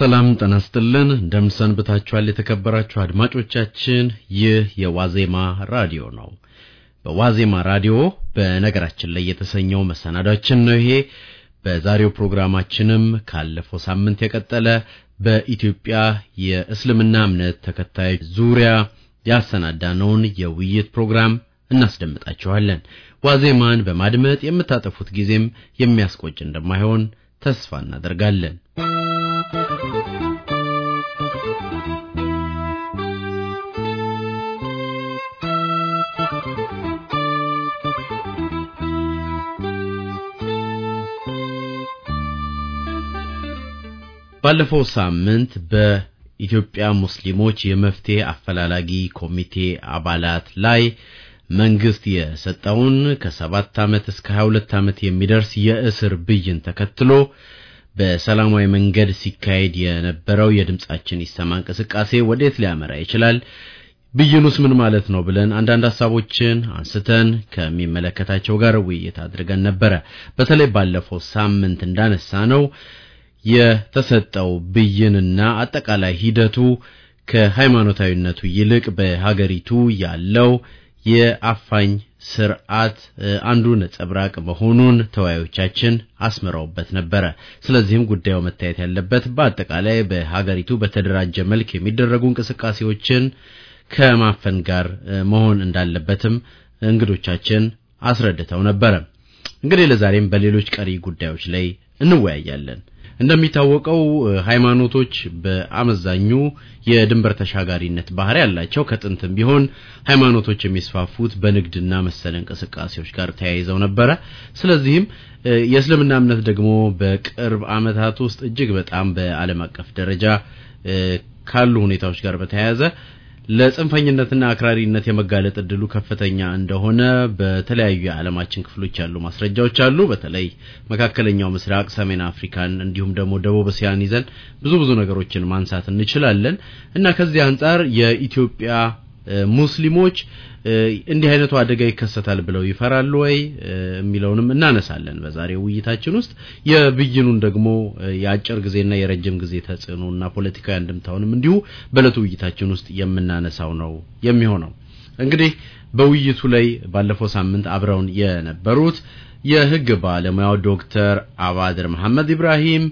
ሰላም ጤና ደምሰን ብታችኋል ሰንብታችኋል? የተከበራችሁ አድማጮቻችን ይህ የዋዜማ ራዲዮ ነው። በዋዜማ ራዲዮ በነገራችን ላይ የተሰኘው መሰናዳችን ነው ይሄ። በዛሬው ፕሮግራማችንም ካለፈው ሳምንት የቀጠለ በኢትዮጵያ የእስልምና እምነት ተከታዮች ዙሪያ ያሰናዳነውን የውይይት ፕሮግራም እናስደምጣችኋለን። ዋዜማን በማድመጥ የምታጠፉት ጊዜም የሚያስቆጭ እንደማይሆን ተስፋ እናደርጋለን። ባለፈው ሳምንት በኢትዮጵያ ሙስሊሞች የመፍትሄ አፈላላጊ ኮሚቴ አባላት ላይ መንግስት የሰጠውን ከሰባት ዓመት እስከ 22 ዓመት የሚደርስ የእስር ብይን ተከትሎ በሰላማዊ መንገድ ሲካሄድ የነበረው የድምጻችን ይሰማ እንቅስቃሴ ወዴት ሊያመራ ይችላል? ብይኑስ ምን ማለት ነው? ብለን አንዳንድ ሀሳቦችን አንስተን ከሚመለከታቸው ጋር ውይይት አድርገን ነበረ። በተለይ ባለፈው ሳምንት እንዳነሳ ነው የተሰጠው ብይንና አጠቃላይ ሂደቱ ከሃይማኖታዊነቱ ይልቅ በሀገሪቱ ያለው የአፋኝ ስርዓት አንዱ ነጸብራቅ መሆኑን ተወያዮቻችን አስምረውበት ነበረ። ስለዚህም ጉዳዩ መታየት ያለበት በአጠቃላይ በሀገሪቱ በተደራጀ መልክ የሚደረጉ እንቅስቃሴዎችን ከማፈን ጋር መሆን እንዳለበትም እንግዶቻችን አስረድተው ነበረ። እንግዲህ ለዛሬም በሌሎች ቀሪ ጉዳዮች ላይ እንወያያለን። እንደሚታወቀው ሃይማኖቶች በአመዛኙ የድንበር ተሻጋሪነት ባህሪ ያላቸው ከጥንትም ቢሆን ሃይማኖቶች የሚስፋፉት በንግድና መሰል እንቅስቃሴዎች ጋር ተያይዘው ነበረ። ስለዚህም የእስልምና እምነት ደግሞ በቅርብ ዓመታት ውስጥ እጅግ በጣም በዓለም አቀፍ ደረጃ ካሉ ሁኔታዎች ጋር በተያያዘ ለጽንፈኝነትና አክራሪነት የመጋለጥ እድሉ ከፍተኛ እንደሆነ በተለያዩ የዓለማችን ክፍሎች ያሉ ማስረጃዎች አሉ። በተለይ መካከለኛው ምስራቅ፣ ሰሜን አፍሪካን እንዲሁም ደግሞ ደቡብ እስያን ይዘን ብዙ ብዙ ነገሮችን ማንሳት እንችላለን እና ከዚህ አንጻር የኢትዮጵያ ሙስሊሞች እንዲህ አይነቱ አደጋ ይከሰታል ብለው ይፈራሉ ወይ የሚለውንም እናነሳለን በዛሬው ውይይታችን ውስጥ። የብይኑን ደግሞ የአጭር ጊዜና የረጅም ጊዜ ተጽኖና ፖለቲካዊ አንድምታውንም እንዲሁ በለቱ ውይይታችን ውስጥ የምናነሳው ነው የሚሆነው። እንግዲህ በውይይቱ ላይ ባለፈው ሳምንት አብረውን የነበሩት የህግ ባለሙያው ዶክተር አባድር መሐመድ ኢብራሂም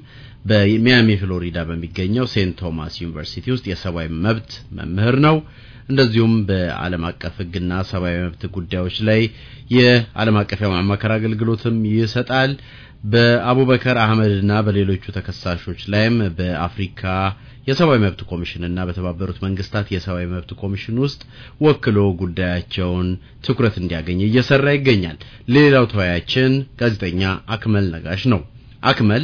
በሚያሚ ፍሎሪዳ በሚገኘው ሴንት ቶማስ ዩኒቨርሲቲ ውስጥ የሰብአዊ መብት መምህር ነው። እንደዚሁም በዓለም አቀፍ ሕግና ሰብአዊ መብት ጉዳዮች ላይ የዓለም አቀፍ የማማከር አገልግሎትም ይሰጣል። በአቡበከር አህመድና በሌሎቹ ተከሳሾች ላይም በአፍሪካ የሰብአዊ መብት ኮሚሽንና በተባበሩት መንግስታት የሰብአዊ መብት ኮሚሽን ውስጥ ወክሎ ጉዳያቸውን ትኩረት እንዲያገኝ እየሰራ ይገኛል። ሌላው ተወያያችን ጋዜጠኛ አክመል ነጋሽ ነው። አክመል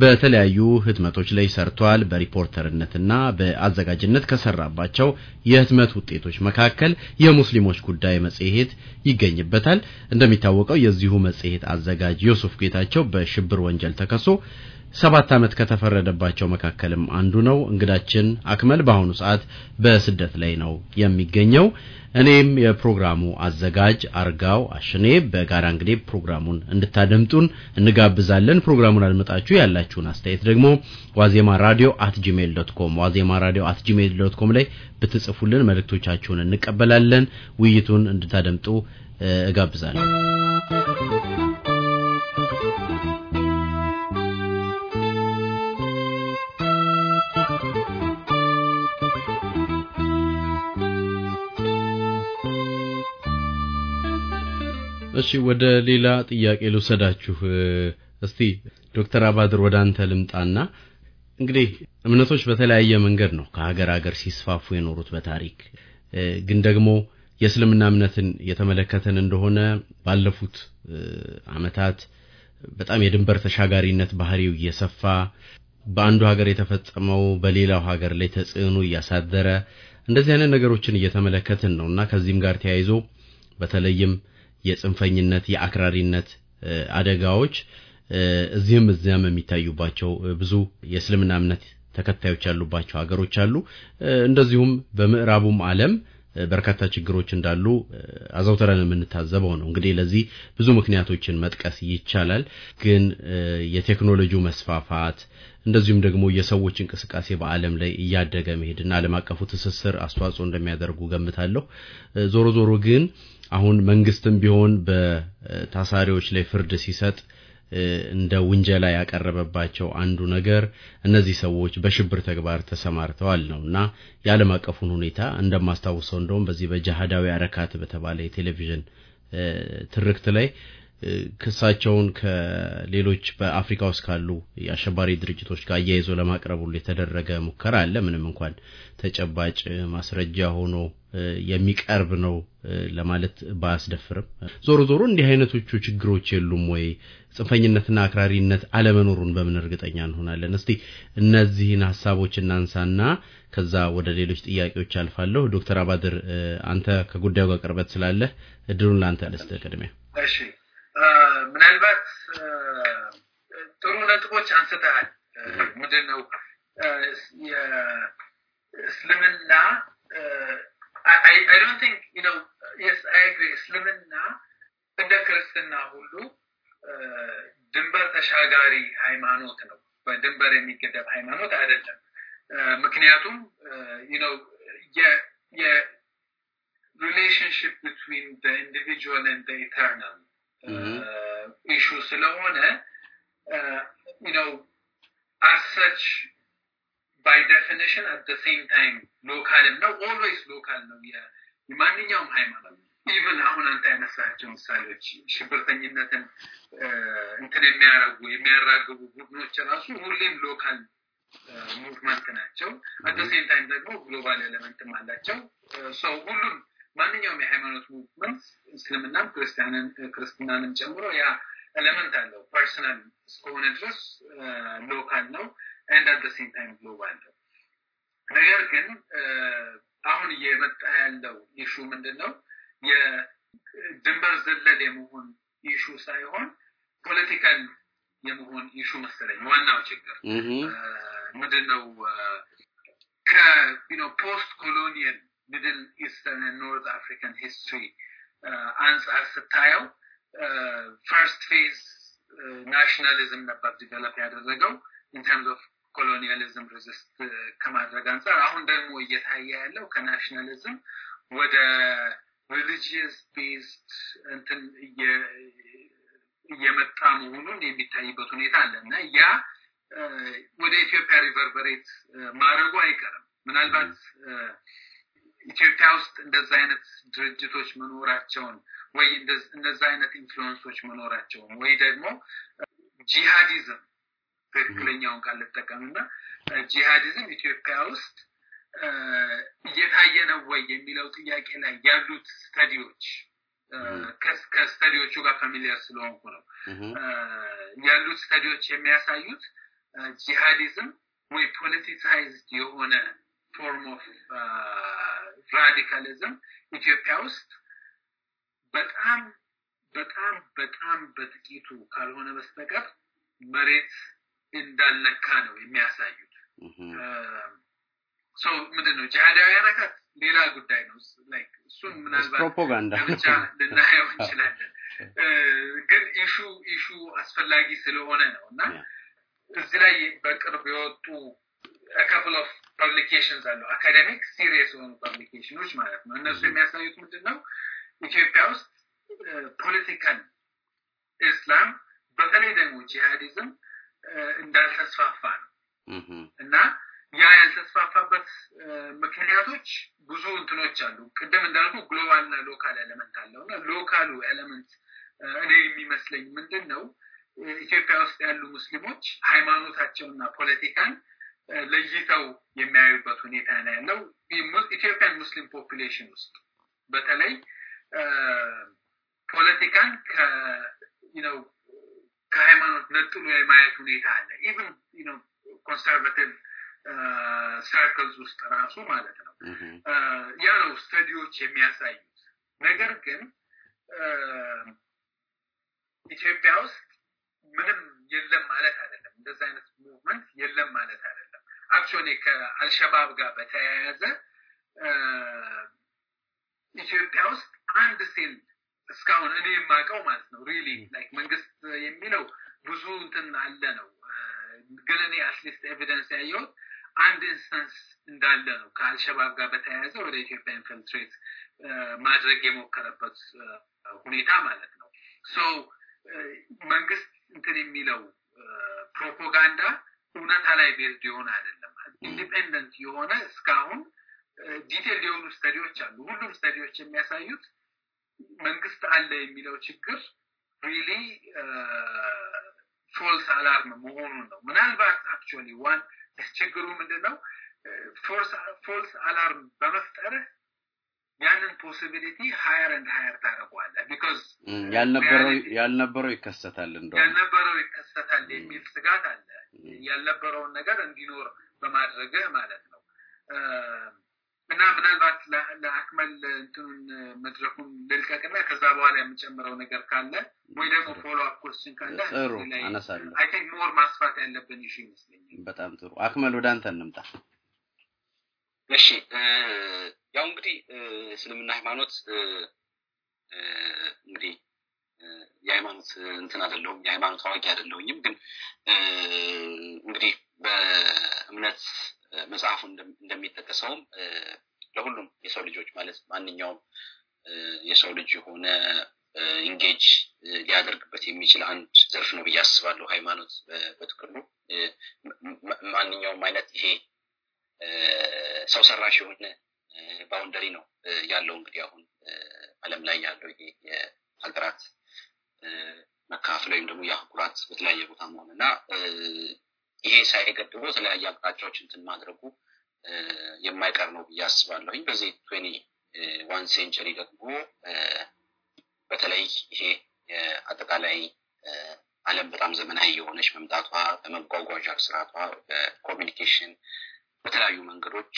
በተለያዩ ህትመቶች ላይ ሰርቷል። በሪፖርተርነትና በአዘጋጅነት ከሰራባቸው የህትመት ውጤቶች መካከል የሙስሊሞች ጉዳይ መጽሔት ይገኝበታል። እንደሚታወቀው የዚሁ መጽሔት አዘጋጅ ዮሱፍ ጌታቸው በሽብር ወንጀል ተከሶ ሰባት ዓመት ከተፈረደባቸው መካከልም አንዱ ነው። እንግዳችን አክመል በአሁኑ ሰዓት በስደት ላይ ነው የሚገኘው። እኔም የፕሮግራሙ አዘጋጅ አርጋው አሽኔ በጋራ እንግዲህ ፕሮግራሙን እንድታደምጡን እንጋብዛለን። ፕሮግራሙን አድምጣችሁ ያላችሁን አስተያየት ደግሞ ዋዜማ ራዲዮ አት ጂሜል ዶት ኮም ዋዜማ ራዲዮ አት ጂሜል ዶት ኮም ላይ ብትጽፉልን መልእክቶቻችሁን እንቀበላለን። ውይይቱን እንድታደምጡ እጋብዛለሁ። እሺ ወደ ሌላ ጥያቄ ልውሰዳችሁ። እስቲ ዶክተር አባድር ወደ አንተ ልምጣና እንግዲህ እምነቶች በተለያየ መንገድ ነው ከሀገር ሀገር ሲስፋፉ የኖሩት በታሪክ ግን ደግሞ የእስልምና እምነትን የተመለከተን እንደሆነ ባለፉት ዓመታት በጣም የድንበር ተሻጋሪነት ባህሪው እየሰፋ በአንዱ ሀገር የተፈጸመው በሌላው ሀገር ላይ ተጽዕኖ እያሳደረ እንደዚህ አይነት ነገሮችን እየተመለከትን ነው እና ከዚህም ጋር ተያይዞ በተለይም የጽንፈኝነት የአክራሪነት አደጋዎች እዚህም እዚያም የሚታዩባቸው ብዙ የእስልምና እምነት ተከታዮች ያሉባቸው ሀገሮች አሉ። እንደዚሁም በምዕራቡም ዓለም በርካታ ችግሮች እንዳሉ አዘውትረን የምንታዘበው ነው። እንግዲህ ለዚህ ብዙ ምክንያቶችን መጥቀስ ይቻላል። ግን የቴክኖሎጂው መስፋፋት እንደዚሁም ደግሞ የሰዎች እንቅስቃሴ በዓለም ላይ እያደገ መሄድና ዓለም አቀፉ ትስስር አስተዋጽኦ እንደሚያደርጉ ገምታለሁ። ዞሮ ዞሮ ግን አሁን መንግስትም ቢሆን በታሳሪዎች ላይ ፍርድ ሲሰጥ እንደ ውንጀላ ያቀረበባቸው አንዱ ነገር እነዚህ ሰዎች በሽብር ተግባር ተሰማርተዋል ነው እና የዓለም አቀፉን ሁኔታ እንደማስታውሰው እንደውም በዚህ በጃሃዳዊ አረካት በተባለ የቴሌቪዥን ትርክት ላይ ክሳቸውን ከሌሎች በአፍሪካ ውስጥ ካሉ የአሸባሪ ድርጅቶች ጋር አያይዞ ለማቅረብ ሁሉ የተደረገ ሙከራ አለ። ምንም እንኳን ተጨባጭ ማስረጃ ሆኖ የሚቀርብ ነው ለማለት ባያስደፍርም ዞሮ ዞሮ እንዲህ አይነቶቹ ችግሮች የሉም ወይ? ጽንፈኝነትና አክራሪነት አለመኖሩን በምን እርግጠኛ እንሆናለን? እስቲ እነዚህን ሀሳቦች እናንሳና ከዛ ወደ ሌሎች ጥያቄዎች አልፋለሁ። ዶክተር አባድር አንተ ከጉዳዩ ጋር ቅርበት ስላለህ እድሉን ለአንተ ልስጥህ ቅድሚያ። እሺ፣ ምናልባት ጥሩ ነጥቦች አንስተሃል። ምንድን ነው የእስልምና አይ አይ ዶንት ቲንክ ዩ ኖ የስ አይ አግሪ እስልምና እንደ ክርስትና ሁሉ uh, ድንበር ተሻጋሪ ሃይማኖት ነው። በድንበር የሚገደብ ሃይማኖት አይደለም። uh, ምክንያቱም ነው የሪሌሽንሽፕ ብትዊን ኢንዲቪጁዋል ን ኢተርናል ኢሹ ስለሆነ ነው uh, አሰች ባይ ዴፊኒሽን አት ሴም ታይም ሎካልም ነው። ኦልዌይስ ሎካል ነው የማንኛውም ሃይማኖት ኢቨን አሁን አንተ ያነሳቸው ምሳሌዎች ሽብርተኝነትን እንትን የሚያረጉ የሚያራግቡ ቡድኖች ራሱ ሁሌም ሎካል ሙቭመንት ናቸው። አት ሴም ታይም ደግሞ ግሎባል ኤለመንትም አላቸው። ሰው ሁሉም ማንኛውም የሃይማኖት ሙቭመንት እስልምናም ክርስቲያንን ክርስትናንም ጨምሮ ያ ኤለመንት አለው። ፐርሰናል እስከሆነ ድረስ ሎካል ነው። and at the same time ግሎባል ነው። ነገር ግን አሁን እየመጣ ያለው ኢሹ ምንድን ነው? የድንበር ዘለል የመሆን ኢሹ ሳይሆን ፖለቲካል የመሆን ኢሹ መሰለኝ ዋናው ችግር ምንድን ነው? ፖስት ኮሎኒየል ሚድል ኢስተርን ኖርዝ አፍሪካን ሂስትሪ አንጻር ስታየው ፈርስት ፌዝ ናሽናሊዝም ነበር ዲቨሎፕ ያደረገው ኢን ተርምስ ኦፍ ኮሎኒያሊዝም ሬዚስት ከማድረግ አንጻር አሁን ደግሞ እየታየ ያለው ከናሽናሊዝም ወደ ሪሊጂየስ ቤዝድ እንትን እየመጣ መሆኑን የሚታይበት ሁኔታ አለ እና ያ ወደ ኢትዮጵያ ሪቨርበሬት ማድረጉ አይቀርም። ምናልባት ኢትዮጵያ ውስጥ እንደዛ አይነት ድርጅቶች መኖራቸውን ወይ እንደዛ አይነት ኢንፍሉወንሶች መኖራቸውን ወይ ደግሞ ጂሃዲዝም ትክክለኛውን ቃል ጂሃዲዝም ኢትዮጵያ ውስጥ እየታየ ነው ወይ የሚለው ጥያቄ ላይ ያሉት ስተዲዎች ከስተዲዎቹ ጋር ፋሚሊያር ስለሆንኩ ነው ያሉት ስተዲዎች የሚያሳዩት ጂሃዲዝም ወይ ፖለቲሳይዝድ የሆነ ፎርም ኦፍ ራዲካሊዝም ኢትዮጵያ ውስጥ በጣም በጣም በጣም በጥቂቱ ካልሆነ በስተቀር መሬት እንዳልነካ ነው የሚያሳዩት። ሰው ምንድን ነው ጂሃዳዊ ያረካት ሌላ ጉዳይ ነው። እሱን ምናልባት ብቻ ልናየው እንችላለን። ግን ኢሹ ኢሹ አስፈላጊ ስለሆነ ነው እና እዚህ ላይ በቅርብ የወጡ ካፕል ኦፍ ፐብሊኬሽንስ አሉ አካደሚክ ሲሪየስ የሆኑ ፐብሊኬሽኖች ማለት ነው። እነሱ የሚያሳዩት ምንድን ነው ኢትዮጵያ ውስጥ ፖለቲካል ኢስላም በተለይ ደግሞ ጂሃዲዝም እንዳልተስፋፋ ነው እና ያ ያልተስፋፋበት ምክንያቶች ብዙ እንትኖች አሉ። ቅድም እንዳልኩ ግሎባል እና ሎካል ኤለመንት አለው እና ሎካሉ ኤለመንት እኔ የሚመስለኝ ምንድን ነው ኢትዮጵያ ውስጥ ያሉ ሙስሊሞች ሃይማኖታቸውና ፖለቲካን ለይተው የሚያዩበት ሁኔታ ነው ያለው። ኢትዮጵያን ሙስሊም ፖፕሌሽን ውስጥ በተለይ ፖለቲካን ነው ከሃይማኖት ነጥሎ የማየት ሁኔታ አለ። ኢቭን ኮንሰርቫቲቭ ሰርክልስ uh, ውስጥ ራሱ ማለት ነው። ያ ነው ስተዲዎች የሚያሳዩት። ነገር ግን uh, ኢትዮጵያ ውስጥ ምንም የለም ማለት አይደለም። እንደዚ አይነት ሙቭመንት የለም ማለት አይደለም። አክቹዋሊ ከአልሸባብ ጋር በተያያዘ uh, ኢትዮጵያ ውስጥ አንድ ሴል እስካሁን እኔ የማውቀው ማለት ነው። ሪሊ ላይክ መንግስት የሚለው ብዙ እንትን አለ ነው፣ ግን እኔ አትሊስት ኤቪደንስ ያየሁት አንድ ኢንስታንስ እንዳለ ነው ከአልሸባብ ጋር በተያያዘ ወደ ኢትዮጵያ ኢንፈልትሬት ማድረግ የሞከረበት ሁኔታ ማለት ነው። ሶ መንግስት እንትን የሚለው ፕሮፓጋንዳ እውነታ ላይ ቤዝድ የሆነ አይደለም። ኢንዲፔንደንት የሆነ እስካሁን ዲቴል የሆኑ ስተዲዎች አሉ። ሁሉም ስተዲዎች የሚያሳዩት መንግስት አለ የሚለው ችግር ሪሊ ፎልስ አላርም መሆኑን ነው። ምናልባት አክቹዋሊ ዋን ችግሩ ምንድን ነው? ፎልስ አላርም በመፍጠርህ ያንን ፖሲቢሊቲ ሀየር እንድ ሀየር ታደርገዋለህ። ቢኮዝ uh, ያልነበረው ይከሰታል እንደ ያልነበረው ይከሰታል የሚል ስጋት አለ። ያልነበረውን ነገር እንዲኖር በማድረግህ ማለት ነው። እና ምናልባት ለአክመል እንትኑን መድረኩን ልልቀቅና ከዛ በኋላ የምጨምረው ነገር ካለ ወይ ደግሞ ፎሎ አፕ ኮስችን ካለ ጥሩ አነሳለሁ። አይ ቲንክ ሞር ማስፋት ያለብን ይሽ ይመስለኛል። በጣም ጥሩ አክመል፣ ወደ አንተ እንምጣ። እሺ ያው እንግዲህ እስልምና ሃይማኖት እንግዲህ የሃይማኖት እንትን አይደለሁም፣ የሃይማኖት አዋቂ አይደለሁኝም። ግን እንግዲህ በእምነት መጽሐፉ እንደሚጠቀሰውም ለሁሉም የሰው ልጆች ማለት ማንኛውም የሰው ልጅ የሆነ ኢንጌጅ ሊያደርግበት የሚችል አንድ ዘርፍ ነው ብዬ አስባለሁ። ሃይማኖት በትክሉ ማንኛውም አይነት ይሄ ሰው ሰራሽ የሆነ ባውንደሪ ነው ያለው። እንግዲህ አሁን አለም ላይ ያለው ይሄ የሀገራት መካፈል ወይም ደግሞ የአህጉራት በተለያየ ቦታ መሆን እና ይሄ ሳይገድ ብሎ የተለያየ አቅጣጫዎች እንትን ማድረጉ የማይቀር ነው ብዬ አስባለሁኝ። በዚህ ትኒ ዋን ሴንቸሪ ደግሞ በተለይ ይሄ አጠቃላይ አለም በጣም ዘመናዊ የሆነች መምጣቷ በመጓጓዣ ስርዓቷ፣ በኮሚኒኬሽን በተለያዩ መንገዶች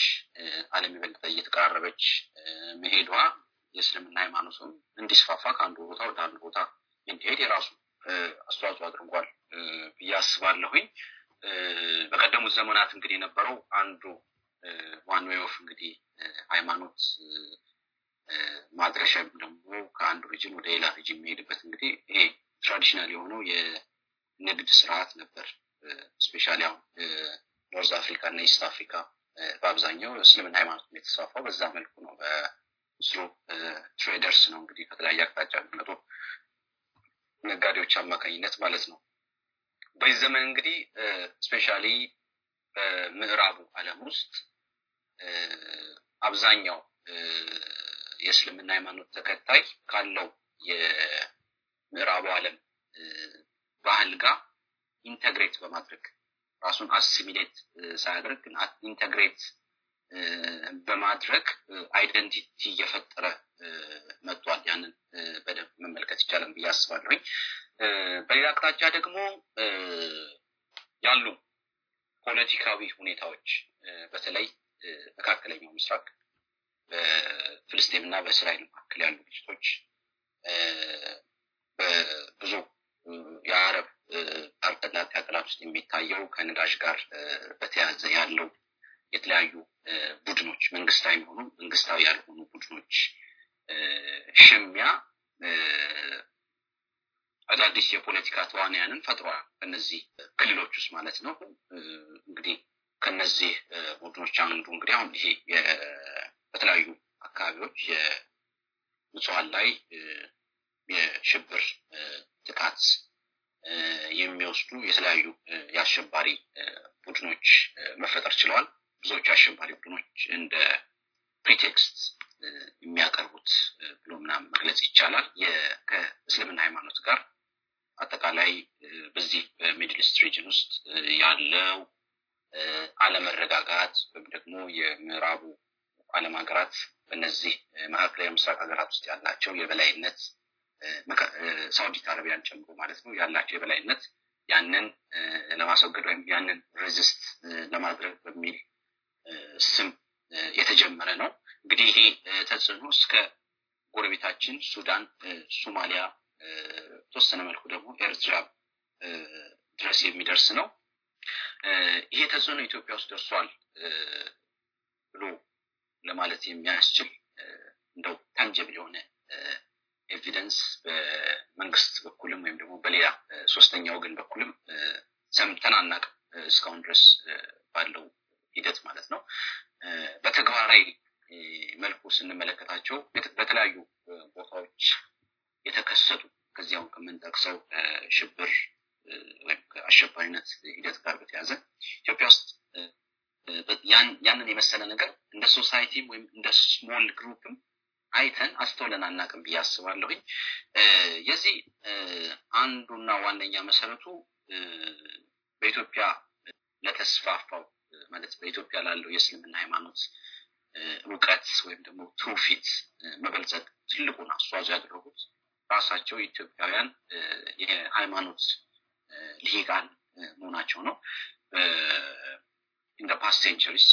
አለም የበለጠ እየተቀራረበች መሄዷ የእስልምና ሃይማኖቱም እንዲስፋፋ ከአንዱ ቦታ ወደ አንዱ ቦታ እንዲሄድ የራሱ አስተዋጽኦ አድርጓል ብዬ አስባለሁኝ። በቀደሙት ዘመናት እንግዲህ የነበረው አንዱ ዋን ዌይ ኦፍ እንግዲህ ሃይማኖት ማድረሻ ደግሞ ከአንዱ ሪጅም ወደ ሌላ ሪጅም የሚሄድበት እንግዲህ ይሄ ትራዲሽናል የሆነው የንግድ ስርዓት ነበር። ስፔሻሊ አሁን ኖርዝ አፍሪካ እና ኢስት አፍሪካ በአብዛኛው እስልምና ሃይማኖት የተስፋፋው በዛ መልኩ ነው። በስሩ ትሬደርስ ነው እንግዲህ ከተለያየ አቅጣጫ የሚመጡ ነጋዴዎች አማካኝነት ማለት ነው። በዚህ ዘመን እንግዲህ ስፔሻሊ በምዕራቡ ዓለም ውስጥ አብዛኛው የእስልምና ሃይማኖት ተከታይ ካለው የምዕራቡ ዓለም ባህል ጋር ኢንተግሬት በማድረግ ራሱን አሲሚሌት ሳያደርግ ኢንተግሬት በማድረግ አይደንቲቲ እየፈጠረ መጥቷል። ያንን በደንብ መመልከት ይቻላል ብዬ አስባለሁኝ። በሌላ አቅጣጫ ደግሞ ያሉ ፖለቲካዊ ሁኔታዎች በተለይ መካከለኛው ምስራቅ በፍልስጤም እና በእስራኤል መካከል ያሉ ግጭቶች በብዙ የአረብ አርቀናት ሀገራት ውስጥ የሚታየው ከነዳጅ ጋር በተያያዘ ያለው የተለያዩ ቡድኖች መንግስታዊ የሆኑ መንግስታዊ ያልሆኑ ቡድኖች ሽሚያ አዳዲስ የፖለቲካ ተዋንያንን ፈጥሯል። በነዚህ ክልሎች ውስጥ ማለት ነው። እንግዲህ ከነዚህ ቡድኖች አንዱ እንግዲህ አሁን ይሄ በተለያዩ አካባቢዎች የንጹሐን ላይ የሽብር ጥቃት የሚወስዱ የተለያዩ የአሸባሪ ቡድኖች መፈጠር ችለዋል። ብዙዎቹ አሸባሪ ቡድኖች እንደ ፕሪቴክስት የሚያቀርቡት ብሎ ምናምን መግለጽ ይቻላል። ከእስልምና ሃይማኖት ጋር አጠቃላይ በዚህ በሚድል ሪጅን ውስጥ ያለው አለመረጋጋት ወይም ደግሞ የምዕራቡ አለም ሀገራት በነዚህ መካከላዊ ምስራቅ ሀገራት ውስጥ ያላቸው የበላይነት ሳውዲት አረቢያን ጨምሮ ማለት ነው ያላቸው የበላይነት ያንን ለማስወገድ ወይም ያንን ሬዚስት ለማድረግ በሚል ስም የተጀመረ ነው። እንግዲህ ይሄ ተጽዕኖ እስከ ጎረቤታችን ሱዳን፣ ሶማሊያ፣ ተወሰነ መልኩ ደግሞ ኤርትራ ድረስ የሚደርስ ነው። ይሄ ተጽዕኖ ኢትዮጵያ ውስጥ ደርሷል ብሎ ለማለት የሚያስችል እንደው ታንጀብል የሆነ ኤቪደንስ በመንግስት በኩልም ወይም ደግሞ በሌላ ሶስተኛ ወገን በኩልም ሰምተን አናውቅም እስካሁን ድረስ ባለው ሂደት ማለት ነው በተግባራዊ መልኩ ስንመለከታቸው በተለያዩ ቦታዎች የተከሰቱ ከዚያውን ከምንጠቅሰው ሽብር ወይም ከአሸባሪነት ሂደት ጋር በተያዘ ኢትዮጵያ ውስጥ ያንን የመሰለ ነገር እንደ ሶሳይቲም ወይም እንደ ስሞል ግሩፕም አይተን አስተውለን አናቅም ብዬ አስባለሁኝ። የዚህ አንዱና ዋነኛ መሰረቱ በኢትዮጵያ ለተስፋፋው ማለት በኢትዮጵያ ላለው የእስልምና ሃይማኖት እውቀት ወይም ደግሞ ትውፊት መበልጸግ ትልቁን አስተዋጽኦ ያደረጉት ራሳቸው ኢትዮጵያውያን የሃይማኖት ልሂቃን መሆናቸው ነው። እንደ ፓስት ሴንቸሪስ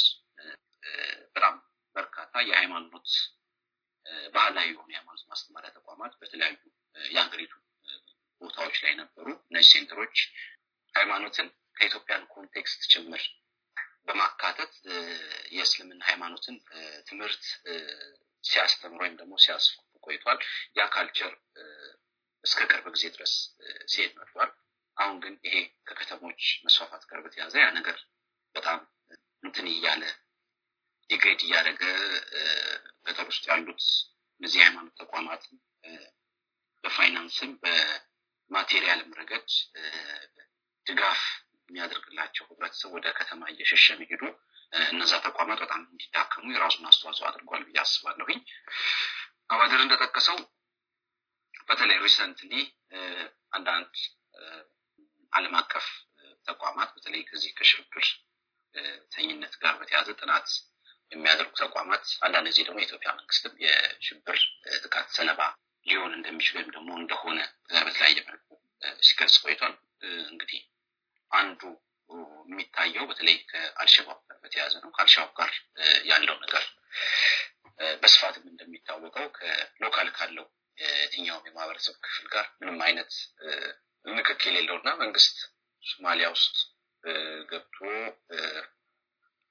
በጣም በርካታ የሃይማኖት ባህላዊ የሆኑ የሃይማኖት ማስተማሪያ ተቋማት በተለያዩ የሀገሪቱ ቦታዎች ላይ ነበሩ። እነዚህ ሴንተሮች ሃይማኖትን ከኢትዮጵያን ኮንቴክስት ጭምር በማካተት የእስልምና ሃይማኖትን ትምህርት ሲያስተምር ወይም ደግሞ ሲያስፉ ቆይቷል። ያ ካልቸር እስከ ቅርብ ጊዜ ድረስ ሲሄድ መጥቷል። አሁን ግን ይሄ ከከተሞች መስፋፋት ጋር በተያዘ ያ ነገር በጣም እንትን እያለ ዲግሬድ እያደረገ ገጠር ውስጥ ያሉት እነዚህ ሃይማኖት ተቋማት በፋይናንስም በማቴሪያልም ረገድ ድጋፍ የሚያደርግላቸው ህብረተሰብ ወደ ከተማ እየሸሸ መሄዱ እነዛ ተቋማት በጣም እንዲዳከሙ የራሱን አስተዋጽኦ አድርጓል ብዬ አስባለሁኝ። አባደር እንደጠቀሰው በተለይ ሪሰንትሊ አንዳንድ አለም አቀፍ ተቋማት በተለይ ከዚህ ከሽብር ተኝነት ጋር በተያዘ ጥናት የሚያደርጉ ተቋማት አንዳንድ ጊዜ ደግሞ የኢትዮጵያ መንግስትም የሽብር ጥቃት ሰለባ ሊሆን እንደሚችል ወይም ደግሞ እንደሆነ በተለያየ መልኩ ሲገልጽ ቆይቷል። እንግዲህ አንዱ የሚታየው በተለይ ከአልሸባብ ጋር በተያያዘ ነው። ከአልሸባብ ጋር ያለው ነገር በስፋትም እንደሚታወቀው ከሎካል ካለው የትኛውም የማህበረሰብ ክፍል ጋር ምንም አይነት ምክክል የሌለው እና መንግስት ሶማሊያ ውስጥ ገብቶ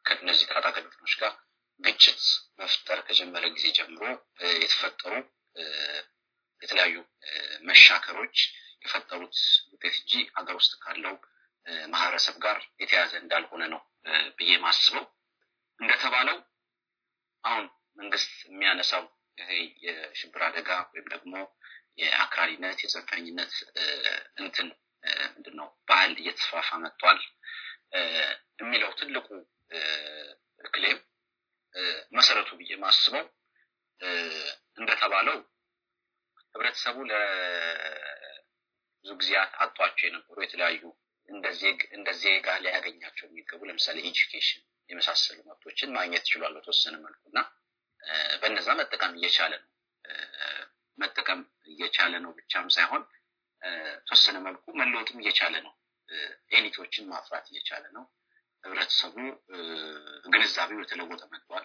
ከእነዚህ ታጣቂ ቡድኖች ጋር ግጭት መፍጠር ከጀመረ ጊዜ ጀምሮ የተፈጠሩ የተለያዩ መሻከሮች የፈጠሩት ውጤት እንጂ ሀገር ውስጥ ካለው ማህበረሰብ ጋር የተያዘ እንዳልሆነ ነው ብዬ ማስበው። እንደተባለው አሁን መንግስት የሚያነሳው ይሄ የሽብር አደጋ ወይም ደግሞ የአክራሪነት የዘፈኝነት እንትን ምንድነው ነው ባህል እየተስፋፋ መጥቷል የሚለው ትልቁ ክሌም መሰረቱ ብዬ ማስበው እንደተባለው ህብረተሰቡ ለብዙ ጊዜያት አጧቸው የነበሩ የተለያዩ እንደዚህ ጋር ሊያገኛቸው የሚገቡ ለምሳሌ ኤጁኬሽን የመሳሰሉ መብቶችን ማግኘት ችሏል በተወሰነ መልኩ እና በነዛ መጠቀም እየቻለ ነው። መጠቀም እየቻለ ነው ብቻም ሳይሆን ተወሰነ መልኩ መለወጥም እየቻለ ነው። ኤሊቶችን ማፍራት እየቻለ ነው። ህብረተሰቡ ግንዛቤው የተለወጠ መጥቷል።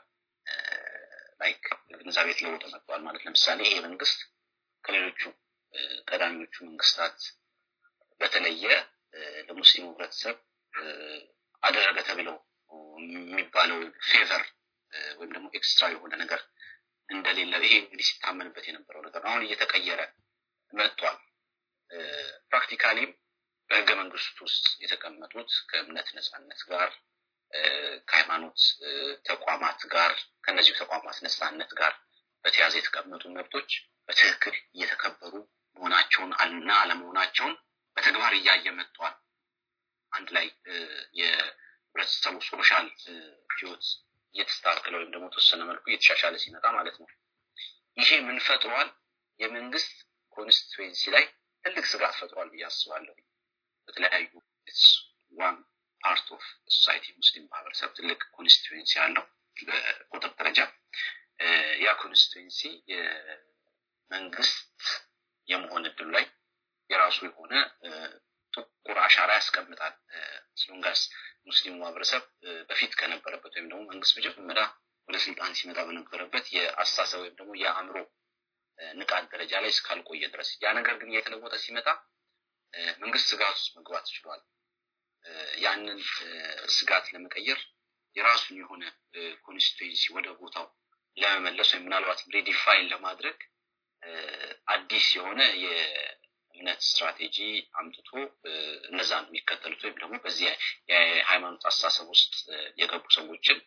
ላይክ ግንዛቤ የተለወጠ መጥቷል ማለት ለምሳሌ ይሄ መንግስት ከሌሎቹ ቀዳሚዎቹ መንግስታት በተለየ ለሙስሊሙ ህብረተሰብ አደረገ ተብለው የሚባለው ፌቨር ወይም ደግሞ ኤክስትራ የሆነ ነገር እንደሌለ ይሄ እንግዲህ ሲታመንበት የነበረው ነገር አሁን እየተቀየረ መጥቷል። ፕራክቲካሊም በህገ መንግስት ውስጥ የተቀመጡት ከእምነት ነጻነት ጋር ከሃይማኖት ተቋማት ጋር ከእነዚሁ ተቋማት ነጻነት ጋር በተያዘ የተቀመጡ መብቶች በትክክል እየተከበሩ መሆናቸውን እና አለመሆናቸውን በተግባር እያየ መጥቷል። አንድ ላይ የህብረተሰቡ ሶሻል ህይወት እየተስተካከለ ወይም ደግሞ ተወሰነ መልኩ እየተሻሻለ ሲመጣ ማለት ነው። ይሄ ምን ፈጥሯል? የመንግስት ኮንስቲትዌንሲ ላይ ትልቅ ስጋት ፈጥሯል ብዬ አስባለሁ። በተለያዩ ዋን ፓርት ኦፍ ሶሳይቲ ሙስሊም ማህበረሰብ ትልቅ ኮንስቲትዌንሲ አለው በቁጥር ደረጃ ያ ኮንስቲትዌንሲ የመንግስት የመሆን እድሉ ላይ የራሱ የሆነ ጥቁር አሻራ ያስቀምጣል። ስሉንጋስ ሙስሊሙ ማህበረሰብ በፊት ከነበረበት ወይም ደግሞ መንግስት መጀመሪያ ወደ ስልጣን ሲመጣ በነበረበት የአስተሳሰብ ወይም ደግሞ የአእምሮ ንቃት ደረጃ ላይ እስካልቆየ ድረስ ያ ነገር ግን እየተለወጠ ሲመጣ መንግስት ስጋት ውስጥ መግባት ችሏል። ያንን ስጋት ለመቀየር የራሱን የሆነ ኮንስቲቱንሲ ወደ ቦታው ለመመለስ ወይም ምናልባት ሪዲፋይን ለማድረግ አዲስ የሆነ እምነት ስትራቴጂ አምጥቶ እነዛን የሚከተሉት ወይም ደግሞ በዚህ የሃይማኖት አስተሳሰብ ውስጥ የገቡ ሰዎችን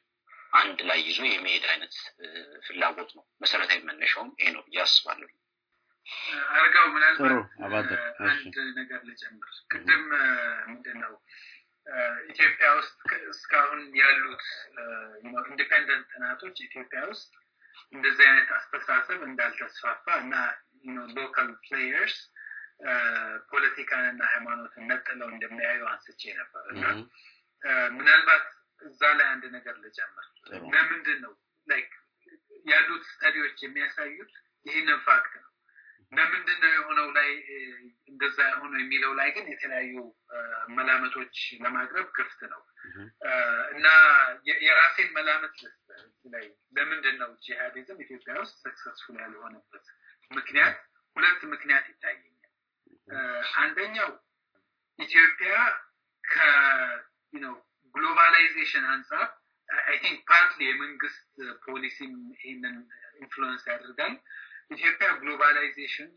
አንድ ላይ ይዞ የመሄድ አይነት ፍላጎት ነው። መሰረታዊ መነሻውም ይሄ ነው ብዬ አስባለሁ። አርጋው ምናልባት አንድ ነገር ልጨምር። ቅድም ምንድን ነው ኢትዮጵያ ውስጥ እስካሁን ያሉት ኢንዲፔንደንት ጥናቶች ኢትዮጵያ ውስጥ እንደዚህ አይነት አስተሳሰብ እንዳልተስፋፋ እና ሎካል ፕሌየርስ ፖለቲካንና ሃይማኖትን ነጥለው እንደሚያዩ አንስቼ ነበር እና ምናልባት እዛ ላይ አንድ ነገር ልጨምር። ለምንድን ነው ያሉት ስተዲዎች የሚያሳዩት ይህንን ፋክት ነው። ለምንድን ነው የሆነው ላይ እንደዛ የሆነው የሚለው ላይ ግን የተለያዩ መላመቶች ለማቅረብ ክፍት ነው እና የራሴን መላመት ላይ ለምንድን ነው ጂሃዲዝም ኢትዮጵያ ውስጥ ሰክሰስፉል ያልሆነበት ምክንያት ሁለት ምክንያት ይታየኛል። አንደኛው ኢትዮጵያ ከግሎባላይዜሽን አንጻር አይ ቲንክ ፓርትሊ የመንግስት ፖሊሲም ይህንን ኢንፍሉወንስ ያደርጋል። ኢትዮጵያ ግሎባላይዜሽን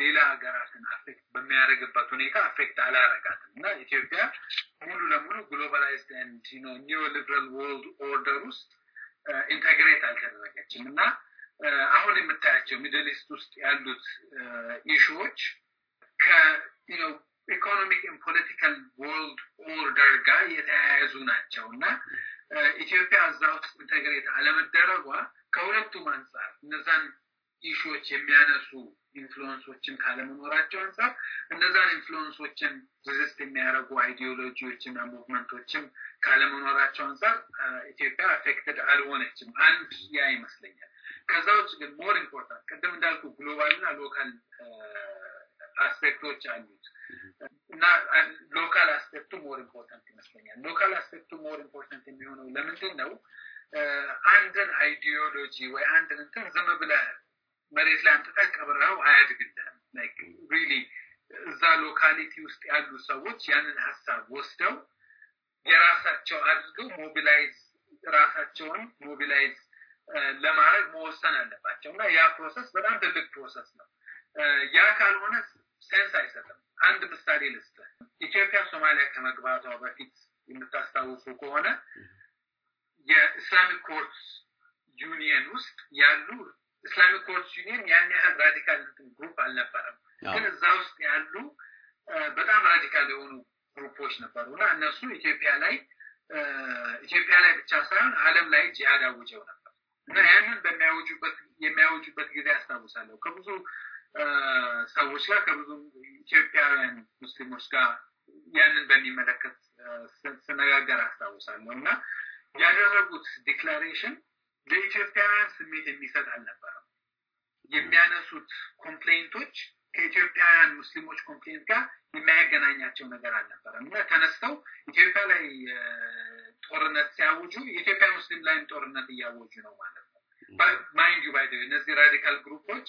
ሌላ ሀገራትን አፌክት በሚያደርግበት ሁኔታ አፌክት አላረጋትም እና ኢትዮጵያ ሙሉ ለሙሉ ግሎባላይዝድ ኤንድ ኒዮ ሊበራል ወርልድ ኦርደር ውስጥ ኢንተግሬት አልተደረገችም እና አሁን የምታያቸው ሚድል ኢስት ውስጥ ያሉት ኢሹዎች ኢኮኖሚክ ፖለቲካል ወርልድ ኦርደር ጋር የተያያዙ ናቸው እና ኢትዮጵያ እዛ ውስጥ ኢንተግሬት አለመደረጓ ከሁለቱም አንጻር እነዛን ኢሹዎች የሚያነሱ ኢንፍሉወንሶችን ካለመኖራቸው አንጻር እነዛን ኢንፍሉወንሶችን ሪዚስት የሚያደርጉ አይዲዮሎጂዎችና ሙቭመንቶችም ካለመኖራቸው አንጻር ኢትዮጵያ አፌክትድ አልሆነችም። አንድ ያ ይመስለኛል። ከዛ ውጭ ግን ሞር ኢምፖርታንት ቅድም እንዳልኩ ና ሎካል አስፔክቶች አሉት እና ሎካል አስፔክቱ ሞር ኢምፖርታንት ይመስለኛል። ሎካል አስፔክቱ ሞር ኢምፖርታንት የሚሆነው ለምንድን ነው? አንድን አይዲዮሎጂ ወይ አንድን እንትን ዝም ብለህ መሬት ላይ አምጥተህ ቀብረው አያድግልህም። ላይክ ሪሊ እዛ ሎካሊቲ ውስጥ ያሉ ሰዎች ያንን ሀሳብ ወስደው የራሳቸው አድርገው ሞቢላይዝ ራሳቸውን ሞቢላይዝ ለማድረግ መወሰን አለባቸው እና ያ ፕሮሰስ በጣም ትልቅ ፕሮሰስ ነው። ያ ካልሆነ ሴንስ አይሰጥም። አንድ ምሳሌ ልስጥ። ኢትዮጵያ ሶማሊያ ከመግባቷ በፊት የምታስታውሱ ከሆነ የእስላሚክ ኮርትስ ዩኒየን ውስጥ ያሉ እስላሚክ ኮርትስ ዩኒየን ያን ያህል ራዲካል ግሩፕ አልነበረም፣ ግን እዛ ውስጥ ያሉ በጣም ራዲካል የሆኑ ግሩፖች ነበሩ እና እነሱ ኢትዮጵያ ላይ ኢትዮጵያ ላይ ብቻ ሳይሆን ዓለም ላይ ጂሃድ አውጀው ነበር እና ያንን በሚያወጁበት የሚያወጁበት ጊዜ ያስታውሳለሁ ከብዙ ሰዎች ጋር ከብዙ ኢትዮጵያውያን ሙስሊሞች ጋር ያንን በሚመለከት ስነጋገር አስታውሳለሁ እና ያደረጉት ዲክላሬሽን ለኢትዮጵያውያን ስሜት የሚሰጥ አልነበረም። የሚያነሱት ኮምፕሌንቶች ከኢትዮጵያውያን ሙስሊሞች ኮምፕሌንት ጋር የሚያገናኛቸው ነገር አልነበረም እና ተነስተው ኢትዮጵያ ላይ ጦርነት ሲያውጁ የኢትዮጵያ ሙስሊም ላይም ጦርነት እያወጁ ነው ማለት ነው። ማይንድ ዩ ባይ እነዚህ ራዲካል ግሩፖች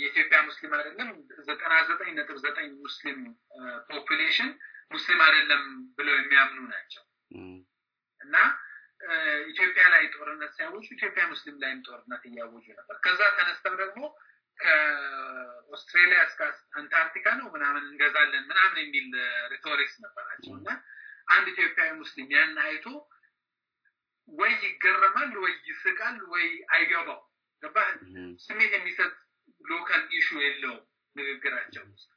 የኢትዮጵያ ሙስሊም አይደለም ዘጠና ዘጠኝ ነጥብ ዘጠኝ ሙስሊም ፖፕሌሽን ሙስሊም አይደለም ብለው የሚያምኑ ናቸው እና ኢትዮጵያ ላይ ጦርነት ሲያወጁ ኢትዮጵያ ሙስሊም ላይም ጦርነት እያወጁ ነበር። ከዛ ተነስተው ደግሞ ከኦስትሬሊያ እስከ አንታርክቲካ ነው ምናምን እንገዛለን ምናምን የሚል ሪቶሪክስ ነበራቸው እና አንድ ኢትዮጵያዊ ሙስሊም ያን አይቶ ወይ ይገረማል ወይ ይስቃል ወይ አይገባው ገባህ ስሜት የሚሰጥ ሎካል ኢሹ የለውም ንግግራቸው ውስጥ።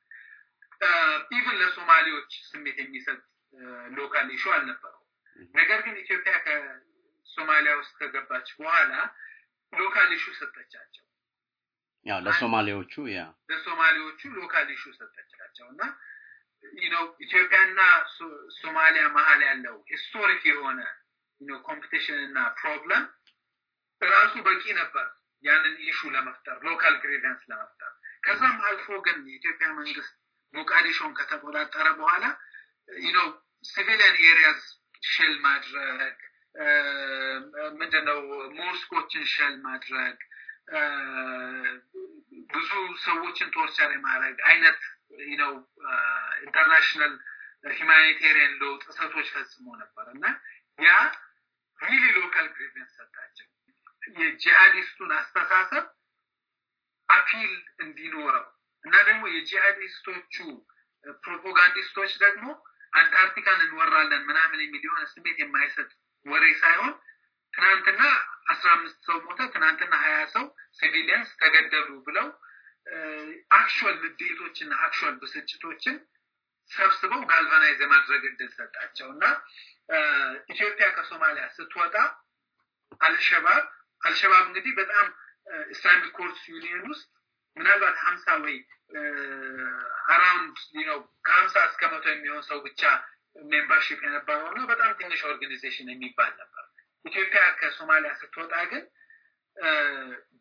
ኢቭን ለሶማሌዎች ስሜት የሚሰጥ ሎካል ኢሹ አልነበረው ነገር ግን ኢትዮጵያ ከሶማሊያ ውስጥ ከገባች በኋላ ሎካል ኢሹ ሰጠቻቸው። ያው ለሶማሌዎቹ ያ ለሶማሌዎቹ ሎካል ኢሹ ሰጠቻቸው እና ነው ኢትዮጵያና ሶማሊያ መሀል ያለው ሂስቶሪክ የሆነ ኮምፒቲሽን እና ፕሮብለም ራሱ በቂ ነበር ያንን ኢሹ ለመፍጠር ሎካል ግሪቨንስ ለመፍጠር ከዛም አልፎ ግን የኢትዮጵያ መንግስት ሞቃዲሾን ከተቆጣጠረ በኋላ ነው ሲቪሊያን ኤሪያዝ ሽል ማድረግ ምንድነው ሞስኮችን ሽል ማድረግ ብዙ ሰዎችን ቶርቸር የማድረግ አይነት ነው ኢንተርናሽናል ሂማኒቴሪያን ለውጥ ጥሰቶች ፈጽሞ ነበር እና ያ ሪሊ ሎካል ግሪቨንስ ሰጣቸው የጂሃዲስቱን አስተሳሰብ አፒል እንዲኖረው እና ደግሞ የጂሃዲስቶቹ ፕሮፓጋንዲስቶች ደግሞ አንታርክቲካን እንወራለን ምናምን የሚል የሆነ ስሜት የማይሰጥ ወሬ ሳይሆን ትናንትና አስራ አምስት ሰው ሞተ፣ ትናንትና ሀያ ሰው ሲቪሊየንስ ተገደሉ ብለው አክቹዋል ንዴቶችና አክቹዋል ብስጭቶችን ሰብስበው ጋልቫናይዝ የማድረግ እድል ሰጣቸው እና ኢትዮጵያ ከሶማሊያ ስትወጣ አልሸባብ አልሸባብ እንግዲህ በጣም ኢስላሚክ ኮርስ ዩኒየን ውስጥ ምናልባት ሀምሳ ወይ አራውንድ ነው ከሀምሳ እስከ መቶ የሚሆን ሰው ብቻ ሜምበርሽፕ የነበረው ነው። በጣም ትንሽ ኦርጋኒዜሽን የሚባል ነበር። ኢትዮጵያ ከሶማሊያ ስትወጣ ግን